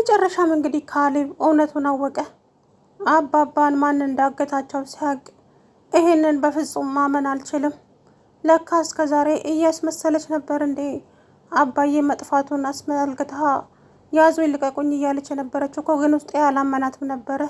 በመጨረሻም እንግዲህ ካሌብ እውነቱን አወቀ። አባባን ማን እንዳገታቸው ሲያቅ ይህንን በፍጹም ማመን አልችልም፣ ለካ እስከ ዛሬ እያስመሰለች ነበር እንዴ አባዬ መጥፋቱን አስመልክታ ያዙ ይልቀቁኝ እያለች የነበረችው እኮ ግን ውስጤ ያላመናትም ነበረ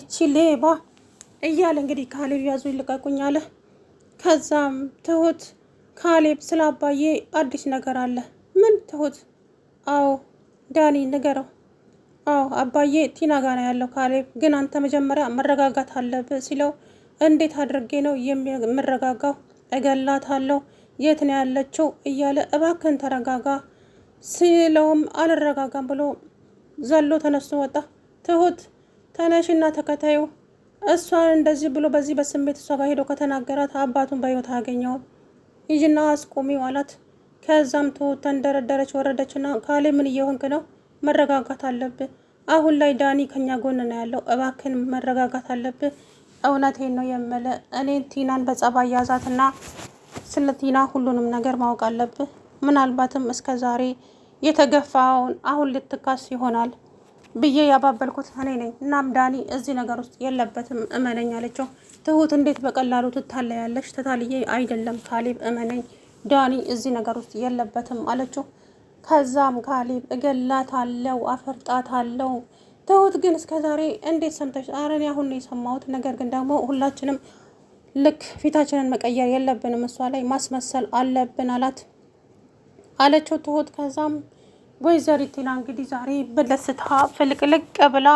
እቺ ሌባ እያለ እንግዲህ ካሌብ ያዙ ይልቀቁኝ አለ። ከዛም ትሁት ካሌብ ስለ አባዬ አዲስ ነገር አለ። ምን ትሁት? አዎ ዳኒ ንገረው አዎ አባዬ ቲና ጋር ነው ያለው ካሌብ። ግን አንተ መጀመሪያ መረጋጋት አለብህ ሲለው እንዴት አድርጌ ነው የምረጋጋው? እገላታለሁ። የት ነው ያለችው እያለ እባክን ተረጋጋ ሲለውም አልረጋጋም ብሎ ዘሎ ተነስቶ ወጣ። ትሁት ተነሽና ተከታዩ እሷን እንደዚህ ብሎ በዚህ በስሜት እሷ ጋር ሄዶ ከተናገራት አባቱን በሕይወት አያገኘውም። ሂጂና አስቁሚው አላት። ከዛም ትሁት ተንደረደረች፣ ወረደችና ካሌብ ምን እየሆንክ ነው መረጋጋት አለብህ። አሁን ላይ ዳኒ ከኛ ጎን ነው ያለው። እባክን መረጋጋት አለብህ። እውነቴን ነው የምልህ። እኔ ቲናን በጸባ ያዛትና ስለ ቲና ሁሉንም ነገር ማወቅ አለብህ። ምናልባትም እስከ ዛሬ የተገፋውን አሁን ልትካስ ይሆናል ብዬ ያባበልኩት እኔ ነኝ። እናም ዳኒ እዚህ ነገር ውስጥ የለበትም እመነኝ አለችው። ትሁት እንዴት በቀላሉ ትታለያለች? ተታልዬ አይደለም ካሌብ እመነኝ፣ ዳኒ እዚህ ነገር ውስጥ የለበትም አለችው። ከዛም ካሌብ አፈርጣት አለው ትሁት ግን እስከ ዛሬ እንዴት ሰምተሽ? ኧረ እኔ አሁን ነው የሰማሁት። ነገር ግን ደግሞ ሁላችንም ልክ ፊታችንን መቀየር የለብንም እሷ ላይ ማስመሰል አለብን አላት አለችው ትሁት። ከዛም ወይዘሪት ቲና እንግዲህ ዛሬ በደስታ ፍልቅልቅ ብላ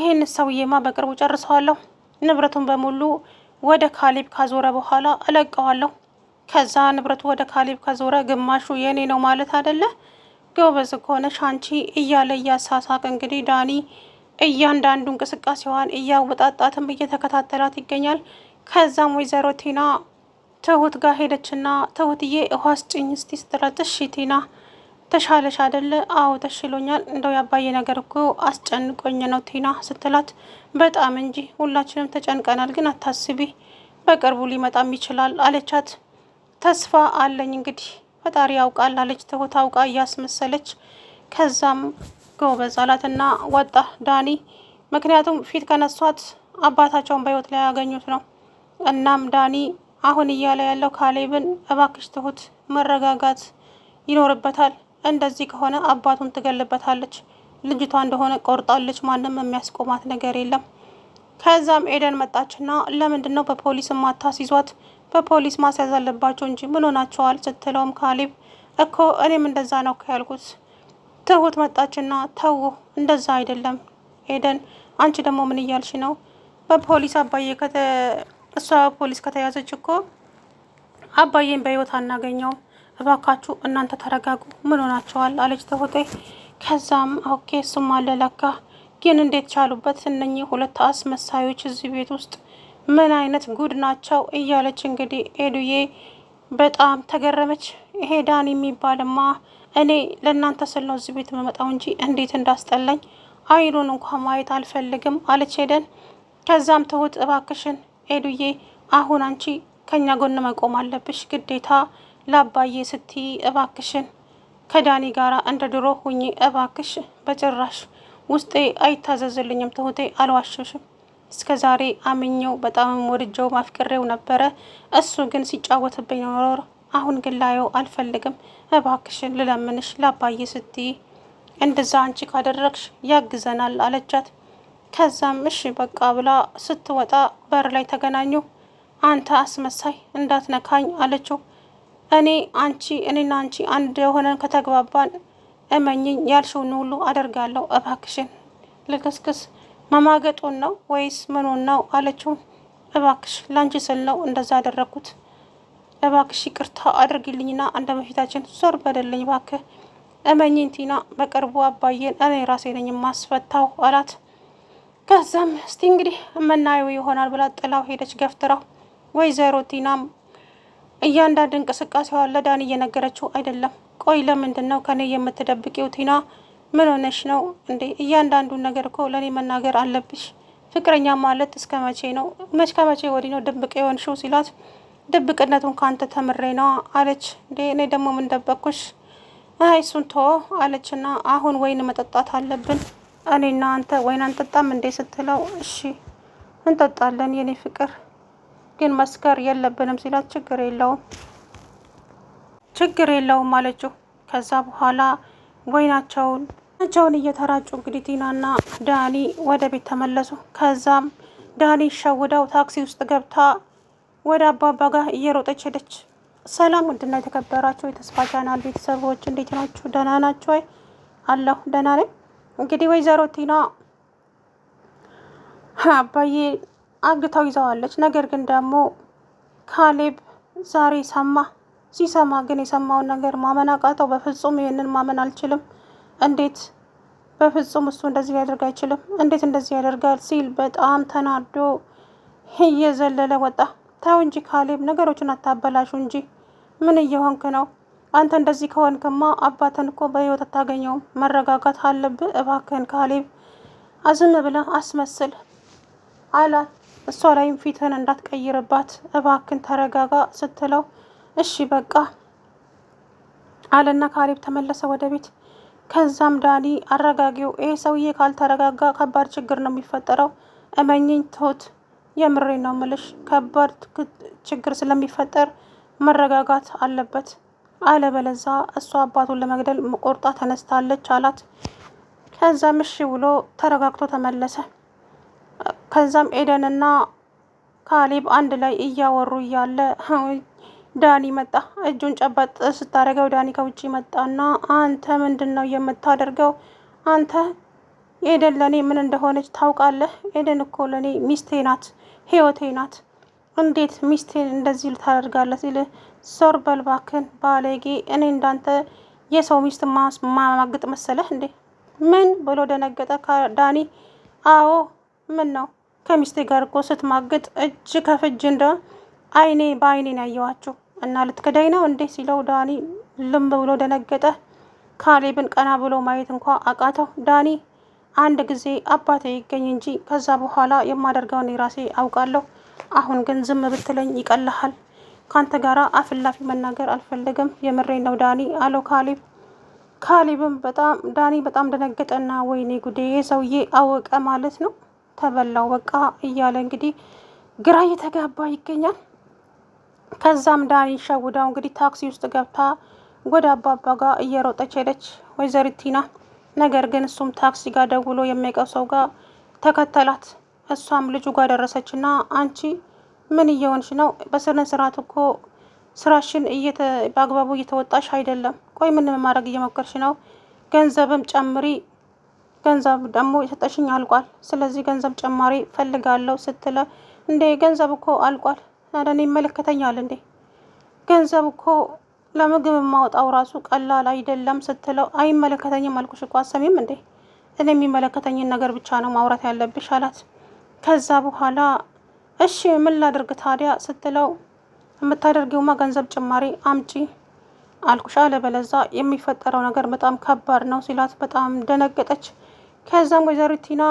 ይሄን ሰውዬማ በቅርቡ ጨርሰዋለሁ፣ ንብረቱን በሙሉ ወደ ካሌብ ካዞረ በኋላ እለቀዋለሁ ከዛ ንብረቱ ወደ ካሌብ ከዞረ ግማሹ የኔ ነው ማለት አይደለ? ጎበዝ ከሆነሽ አንቺ እያለ እያሳሳቅ እንግዲህ ዳኒ እያንዳንዱ እንቅስቃሴዋን እያወጣጣትም እየተከታተላት ይገኛል። ከዛም ወይዘሮ ቲና ትሁት ጋር ሄደችና ትሁትዬ ውሃ ስጭኝ እስቲ ስትላት እሺ ቲና ተሻለሽ አይደለ? አዎ ተሽሎኛል። እንደው ያባየ ነገር እኮ አስጨንቆኝ ነው ቲና ስትላት፣ በጣም እንጂ ሁላችንም ተጨንቀናል፣ ግን አታስቢ፣ በቅርቡ ሊመጣም ይችላል አለቻት። ተስፋ አለኝ እንግዲህ ፈጣሪ ያውቃል አለች ትሁት አውቃ እያስመሰለች። ከዛም ጎበዝ አላትና ወጣ ዳኒ። ምክንያቱም ፊት ከነሷት አባታቸውን በህይወት ላይ ያገኙት ነው። እናም ዳኒ አሁን እያለ ያለው ካሌብን እባክሽ ትሁት መረጋጋት ይኖርበታል፣ እንደዚህ ከሆነ አባቱን ትገልበታለች። ልጅቷ እንደሆነ ቆርጣለች፣ ማንም የሚያስቆማት ነገር የለም። ከዛም ኤደን መጣችና ለምንድን ነው በፖሊስ ማታስይዟት በፖሊስ ማስያዝ አለባቸው እንጂ ምን ሆናቸዋል? ስትለውም ካሊብ እኮ እኔም እንደዛ ነው ያልኩት። ትሁት መጣችና ተው፣ እንደዛ አይደለም ኤደን፣ አንቺ ደግሞ ምን እያልሽ ነው? በፖሊስ አባዬ እሷ በፖሊስ ከተያዘች እኮ አባዬን በህይወት አናገኘውም። እባካችሁ እናንተ ተረጋጉ፣ ምን ሆናቸዋል? አለች ትሁቴ። ከዛም ኦኬ፣ እሱም አለ ለካ ግን እንዴት ቻሉበት እነኚህ ሁለት አስመሳዮች እዚህ ቤት ውስጥ ምን አይነት ጉድ ናቸው እያለች እንግዲህ ኤዱዬ በጣም ተገረመች። ይሄ ዳን የሚባልማ እኔ ለእናንተ ስል ነው እዚህ ቤት መመጣው እንጂ እንዴት እንዳስጠላኝ አይኑን እንኳ ማየት አልፈልግም አለች ሄደን። ከዛም ትሁት እባክሽን ኤዱዬ አሁን አንቺ ከኛ ጎን መቆም አለብሽ ግዴታ ላባዬ ስትይ እባክሽን ከዳኒ ጋር እንደ ድሮ ሁኚ እባክሽ። በጭራሽ ውስጤ አይታዘዝልኝም ትሁቴ፣ አልዋሽሽም እስከ ዛሬ አምኜው በጣም ወድጀው ማፍቅሬው ነበረ። እሱ ግን ሲጫወትብኝ ኖሮ አሁን ግን ላየው አልፈልግም። እባክሽን ልለምንሽ ላባዬ ስትይ እንደዛ አንቺ ካደረግሽ ያግዘናል አለቻት። ከዛም እሺ በቃ ብላ ስትወጣ በር ላይ ተገናኙ። አንተ አስመሳይ እንዳትነካኝ አለችው። እኔ አንቺ እኔና አንቺ አንድ የሆነን ከተግባባን እመኝኝ ያልሽውን ሁሉ አደርጋለሁ። እባክሽን ልክስክስ መማገጡን ነው ወይስ ምኑን ነው አለችው። እባክሽ ላንቺ ስል ነው እንደዛ ያደረግኩት። እባክሽ ይቅርታ አድርጊልኝና እንደ በፊታችን ዞር በደልኝ እባክህ። እመኝን ቲና፣ በቅርቡ አባዬን እኔ ራሴ ነኝ ማስፈታው አላት። ከዛም እስቲ እንግዲህ የምናየው ይሆናል ብላ ጥላው ሄደች ገፍትራው። ወይዘሮ ቲናም እያንዳንድ እንቅስቃሴዋን ለዳን እየነገረችው አይደለም። ቆይ ለምንድን ነው ከኔ የምትደብቂው ቲና ምን ሆነሽ ነው እንዴ? እያንዳንዱን ነገር እኮ ለእኔ መናገር አለብሽ። ፍቅረኛ ማለት እስከ መቼ ነው? መች ከመቼ ወዲህ ነው ድብቅ የሆንሽው? ሲላት ድብቅነቱን ከአንተ ተምሬ ነዋ አለች። እንዴ እኔ ደግሞ ምን ደበቅኩሽ? አይ እሱን ተወ አለችና አሁን ወይን መጠጣት አለብን እኔና አንተ ወይን አንጠጣም እንዴ ስትለው እሺ እንጠጣለን የኔ ፍቅር ግን መስከር የለብንም ሲላት ችግር የለውም ችግር የለውም አለችው። ከዛ በኋላ ወይናቸውን እጃውን እየተራጩ እንግዲህ ቲናና ዳኒ ወደ ቤት ተመለሱ። ከዛም ዳኒ ሸውዳው ታክሲ ውስጥ ገብታ ወደ አባባ ጋር እየሮጠች ሄደች። ሰላም ውድና የተከበራቸው የተስፋ ቻናል ቤተሰቦች እንዴት ናችሁ? ደህና ናችሁ? አይ አለሁ ደህና ነኝ። እንግዲህ ወይዘሮ ቲና አባዬ አግታው ይዘዋለች። ነገር ግን ደግሞ ካሌብ ዛሬ ሰማ። ሲሰማ ግን የሰማውን ነገር ማመን አቃተው። በፍጹም ይህንን ማመን አልችልም እንዴት በፍጹም እሱ እንደዚህ ሊያደርግ አይችልም፣ እንዴት እንደዚህ ያደርጋል ሲል በጣም ተናዶ እየዘለለ ወጣ። ተው እንጂ ካሌብ፣ ነገሮችን አታበላሹ እንጂ ምን እየሆንክ ነው? አንተ እንደዚህ ከሆንክማ አባትን እኮ በህይወት አታገኘውም። መረጋጋት አለብህ እባክህን ካሌብ፣ አዝም ብለህ አስመስል አላት። እሷ ላይም ፊትህን እንዳትቀይርባት እባክን ተረጋጋ ስትለው እሺ በቃ አለና ካሌብ ተመለሰ ወደ ቤት። ከዛም ዳኒ አረጋጊው፣ ይህ ሰውዬ ካልተረጋጋ ከባድ ችግር ነው የሚፈጠረው። እመኝኝ ትሁት፣ የምሬ ነው ምልሽ፣ ከባድ ችግር ስለሚፈጠር መረጋጋት አለበት፣ አለበለዛ እሷ አባቱን ለመግደል ቆርጣ ተነስታለች አላት። ከዛም እሺ ብሎ ተረጋግቶ ተመለሰ። ከዛም ኤደንና ካሊብ አንድ ላይ እያወሩ እያለ ዳኒ መጣ። እጁን ጨበጥ ስታደርገው ዳኒ ከውጭ መጣና አንተ ምንድን ነው የምታደርገው? አንተ ኤደን ለእኔ ምን እንደሆነች ታውቃለህ? ኤደን እኮ ለእኔ ሚስቴ ናት፣ ህይወቴ ናት። እንዴት ሚስቴን እንደዚህ ልታደርጋለህ? ሲል ዞር በል እባክህን ባለጌ፣ እኔ እንዳንተ የሰው ሚስት ማማግጥ መሰለህ እንዴ? ምን ብሎ ደነገጠ ከዳኒ። አዎ ምን ነው ከሚስቴ ጋር እኮ ስትማግጥ እጅ ከፍጅ እንደ አይኔ ነው ያየዋቸው እና ልትክደኝ ነው እንዴ ሲለው ዳኒ ልም ብሎ ደነገጠ። ካሌብን ቀና ብሎ ማየት እንኳ አቃተው። ዳኒ አንድ ጊዜ አባቴ ይገኝ እንጂ ከዛ በኋላ የማደርገውን የራሴ አውቃለሁ። አሁን ግን ዝም ብትለኝ ይቀልሃል። ካንተ ጋራ አፍላፊ መናገር አልፈልግም። የምሬ ነው ዳኒ አለው ካሌብ። ካሌብም በጣም ዳኒ በጣም ደነገጠና ወይኔ ጉዴ ሰውዬ አወቀ ማለት ነው ተበላው በቃ እያለ እንግዲህ ግራ እየተጋባ ይገኛል። ከዛም ዳኒ ጉዳው እንግዲህ ታክሲ ውስጥ ገብታ ወደ አባባ ጋር እየሮጠች ሄደች ወይዘሪት ቲና። ነገር ግን እሱም ታክሲ ጋር ደውሎ የሚያውቀው ሰው ጋር ተከተላት። እሷም ልጁ ጋር ደረሰች እና አንቺ ምን እየሆንሽ ነው? በስነ ስርዓት እኮ ስራሽን በአግባቡ እየተወጣሽ አይደለም። ቆይ ምን ማድረግ እየሞከርሽ ነው? ገንዘብም ጨምሪ፣ ገንዘብ ደግሞ የሰጠሽኝ አልቋል። ስለዚህ ገንዘብ ጨማሪ ፈልጋለሁ ስትለ እንደ ገንዘብ እኮ አልቋል ኧረ እኔ ይመለከተኛል እንዴ? ገንዘብ እኮ ለምግብ የማወጣው ራሱ ቀላል አይደለም ስትለው አይመለከተኝም አልኩሽ እኮ አሰሚም እንዴ? እኔ የሚመለከተኝን ነገር ብቻ ነው ማውራት ያለብሽ አላት። ከዛ በኋላ እሺ ምን ላድርግ ታዲያ ስትለው የምታደርጊውማ ገንዘብ ጭማሪ አምጪ አልኩሽ፣ አለበለዛ የሚፈጠረው ነገር በጣም ከባድ ነው ሲላት በጣም ደነገጠች። ከዛም ወይዘሪቲና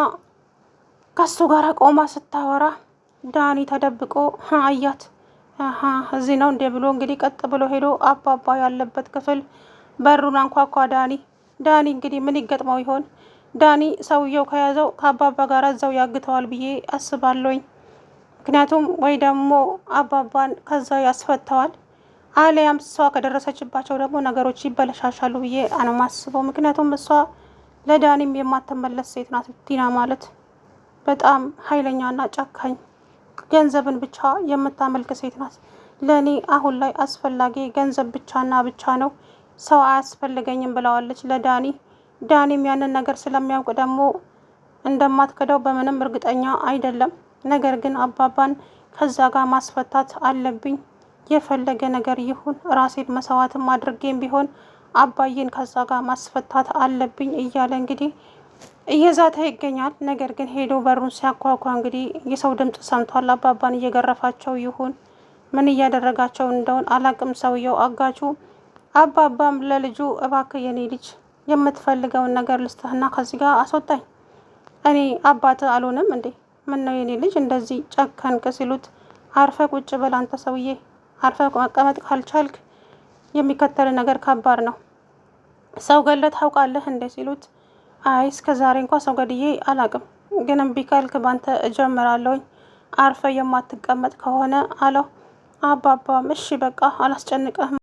ከሱ ጋር ቆማ ስታወራ ዳኒ ተደብቆ አያት። እዚህ ነው እንዴ ብሎ እንግዲህ ቀጥ ብሎ ሄዶ አባባ ያለበት ክፍል በሩን አንኳኳ። ዳኒ ዳኒ እንግዲህ ምን ይገጥመው ይሆን? ዳኒ ሰውየው ከያዘው ከአባባ ጋር እዛው ያግተዋል ብዬ አስባለሁኝ። ምክንያቱም ወይ ደግሞ አባባን ከዛ ያስፈተዋል፣ አሊያም እሷ ከደረሰችባቸው ደግሞ ነገሮች ይበለሻሻሉ ብዬ ነው ምክንያቱም እሷ ለዳኒም የማትመለስ ሴት ናት ዲና ማለት በጣም ኃይለኛና ጨካኝ ገንዘብን ብቻ የምታመልክ ሴት ናት። ለእኔ አሁን ላይ አስፈላጊ ገንዘብ ብቻና ብቻ ነው፣ ሰው አያስፈልገኝም ብለዋለች ለዳኒ። ዳኒም ያንን ነገር ስለሚያውቅ ደግሞ እንደማትከደው በምንም እርግጠኛ አይደለም። ነገር ግን አባባን ከዛ ጋር ማስፈታት አለብኝ። የፈለገ ነገር ይሁን ራሴን መሰዋትም አድርጌም ቢሆን አባዬን ከዛ ጋር ማስፈታት አለብኝ እያለ እንግዲህ እየዛተ ይገኛል። ነገር ግን ሄዶ በሩን ሲያኳኳ እንግዲህ የሰው ድምፅ ሰምቷል። አባባን እየገረፋቸው ይሁን ምን እያደረጋቸው እንደሆን አላቅም። ሰውየው አጋቹ አባባም ለልጁ እባክህ የኔ ልጅ የምትፈልገውን ነገር ልስጥህና ከዚህ ጋር አስወጣኝ። እኔ አባት አልሆንም እንዴ? ምን ነው የኔ ልጅ እንደዚህ ጨከንቅ? ሲሉት አርፈ ቁጭ በል አንተ ሰውዬ፣ አርፈ መቀመጥ ካልቻልክ የሚከተል ነገር ከባድ ነው። ሰው ገለ ታውቃለህ እንደ ሲሉት አይ እስከ ዛሬ እንኳ ሰው ገድዬ አላቅም፣ ግን እምቢ ካልክ ባንተ እጀምራለሁኝ አርፈ የማትቀመጥ ከሆነ አለው። አባባ እሺ በቃ አላስጨንቅህም